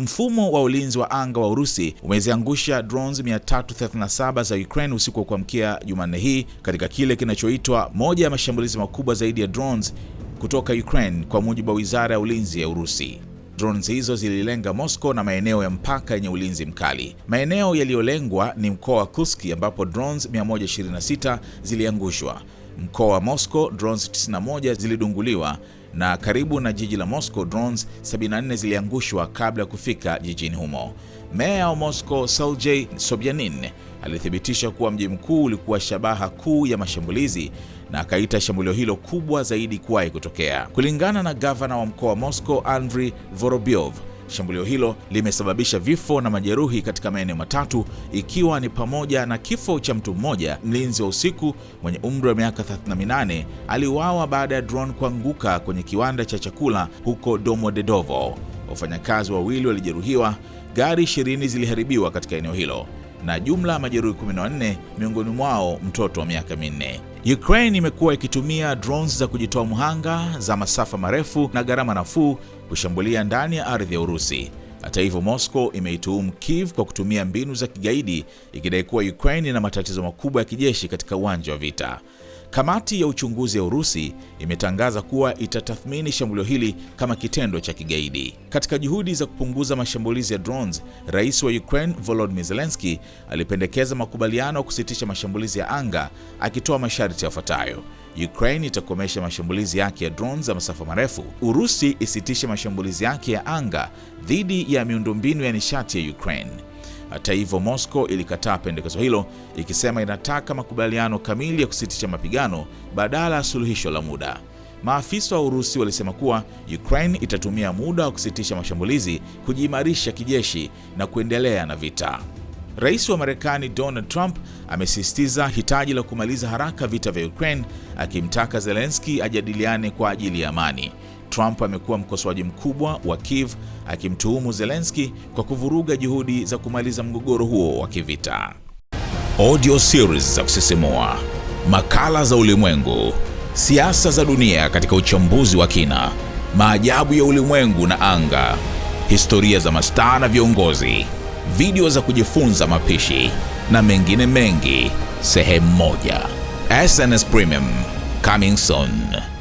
Mfumo wa ulinzi wa anga wa Urusi umeziangusha drones 337 za Ukraine usiku wa kuamkia Jumanne hii katika kile kinachoitwa moja ya mashambulizi makubwa zaidi ya drones kutoka Ukraine kwa mujibu wa Wizara ya Ulinzi ya Urusi. Drones hizo zililenga Moscow na maeneo ya mpaka yenye ulinzi mkali. Maeneo yaliyolengwa ni mkoa wa Kursk ambapo drones 126 ziliangushwa. Mkoa wa Moscow drones 91 zilidunguliwa na karibu na jiji la Moscow drones 74 ziliangushwa kabla ya kufika jijini humo. Meya wa Moscow Sergei Sobyanin alithibitisha kuwa mji mkuu ulikuwa shabaha kuu ya mashambulizi na akaita shambulio hilo kubwa zaidi kuwahi kutokea. Kulingana na gavana wa mkoa wa Moscow Andriy Vorobyov Shambulio hilo limesababisha vifo na majeruhi katika maeneo matatu ikiwa ni pamoja na kifo cha mtu mmoja. Mlinzi wa usiku mwenye umri wa miaka 38 aliuawa baada ya drone kuanguka kwenye kiwanda cha chakula huko Domodedovo. Wafanyakazi wawili walijeruhiwa, gari 20 ziliharibiwa katika eneo hilo na jumla majeruhi 14 miongoni mwao mtoto wa miaka minne. Ukraine imekuwa ikitumia drones za kujitoa mhanga za masafa marefu na gharama nafuu kushambulia ndani ya ardhi ya Urusi. Hata hivyo, Moscow imeituhumu Kiev kwa kutumia mbinu za kigaidi, ikidai kuwa Ukraine ina matatizo makubwa ya kijeshi katika uwanja wa vita. Kamati ya uchunguzi ya Urusi imetangaza kuwa itatathmini shambulio hili kama kitendo cha kigaidi. Katika juhudi za kupunguza mashambulizi ya drones, Rais wa Ukraine Volodymyr Zelensky alipendekeza makubaliano ya kusitisha mashambulizi ya anga akitoa masharti yafuatayo: Ukraine itakomesha mashambulizi yake ya drones za masafa marefu. Urusi isitishe mashambulizi yake ya anga dhidi ya miundombinu ya nishati ya Ukraine. Hata hivyo, Moscow ilikataa pendekezo hilo ikisema inataka makubaliano kamili ya kusitisha mapigano badala ya suluhisho la muda. Maafisa wa Urusi walisema kuwa Ukraine itatumia muda wa kusitisha mashambulizi kujiimarisha kijeshi na kuendelea na vita. Rais wa Marekani Donald Trump amesisitiza hitaji la kumaliza haraka vita vya Ukraine akimtaka Zelensky ajadiliane kwa ajili ya amani. Trump amekuwa mkosoaji mkubwa wa Kiev akimtuhumu Zelensky kwa kuvuruga juhudi za kumaliza mgogoro huo wa kivita. Audio series za kusisimua, makala za ulimwengu, siasa za dunia katika uchambuzi wa kina, maajabu ya ulimwengu na anga, historia za mastaa na viongozi, video za kujifunza mapishi na mengine mengi, sehemu moja. SNS Premium coming soon.